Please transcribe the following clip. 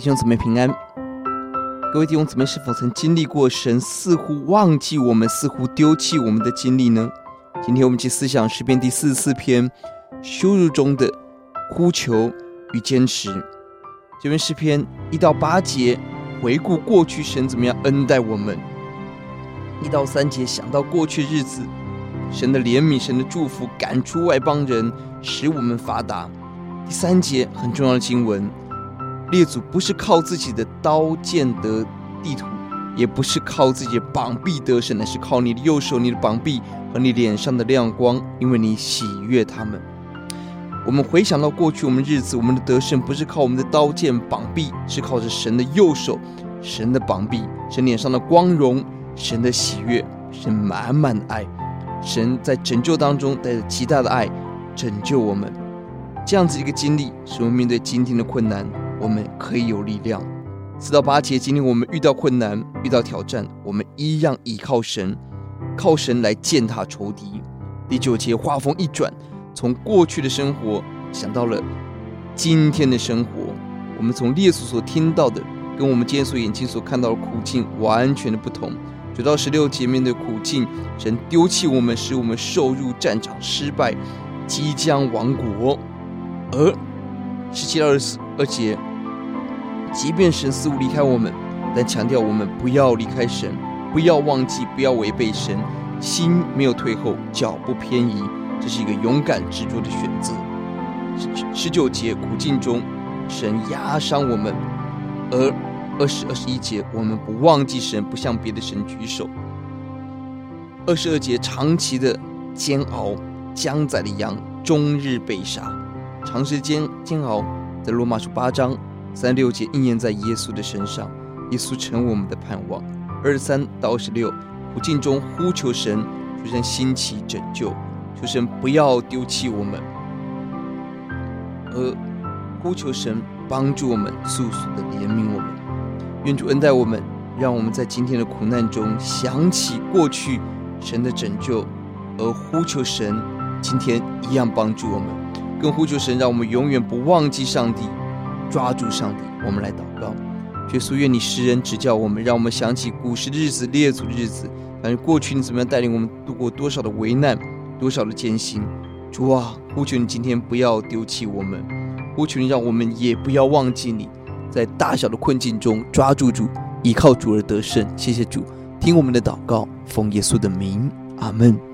弟兄姊妹平安，各位弟兄姊妹是否曾經歷過神似乎忘記我們、似乎丟棄我們的經歷呢？今天我們去思想詩篇第四十四篇，羞辱中的呼求與堅持。這篇詩篇一到八節回顧過去神怎麼樣恩待我們；一到三節想到過去日子神的憐憫、神的祝福，趕出外邦人，使我們發達。第三節很重要的經文。列祖不是靠自己的刀劍得地土，也不是靠自己的膀臂得勝，乃是靠你的右手、你的膀臂和你臉上的亮光，因為你喜悅他們。我們回想到過去我們日子，我們的得勝不是靠我們的刀劍、膀臂，是靠着神的右手、神的膀臂、神臉上的光榮、神的喜悅、神滿滿的愛。神在拯救當中帶着極大的愛拯救我們，這樣子一個經歷，使我們面對今天的困難。我們可以有力量。四到八節，今天我們遇到困難，遇到挑戰，我們一樣倚靠神，靠神來踐踏仇敵。第九節，話鋒一轉，從過去的生活想到了今天的生活。我們從列祖所聽到的，跟我們今天所眼睛所看到的苦境完全的不同。九到十六節，面對苦境，神丟棄我們，使我們受辱戰場失敗，即將亡國。而十七到二十二節。即便神似乎離開我們，但強調我們不要離開神，不要忘記，不要違背神。心沒有退後，腳不偏移，這是一個勇敢執着的選擇。十,十九節苦境中，神壓傷我們；而二十、二十一節我們不忘記神，不向別的神舉手。二十二節長期的煎熬，將宰的羊終日被殺，長時間煎熬，在羅馬書八章。三六節應驗在耶穌的身上，耶穌成為我們的盼望。二十三到二十六，苦境中呼求神，求神興起拯救，求神不要丟棄我們，而呼求神幫助我們，速速的憐憫我們。願主恩待我們，讓我們在今天的苦難中想起過去神的拯救，而呼求神今天一樣幫助我們，更呼求神讓我們永遠不忘記上帝。抓住上帝，我們來禱告。耶穌，願你時人指教我們，讓我們想起古時的日子、列祖的日子。反正過去你怎麼樣帶領我們度過多少的危難、多少的艱辛。主啊，我求你今天不要丟棄我們，我求你讓我們也不要忘記你。在大小的困境中抓住主，依靠主而得勝。謝謝主，聽我們的禱告，奉耶穌的名，阿門。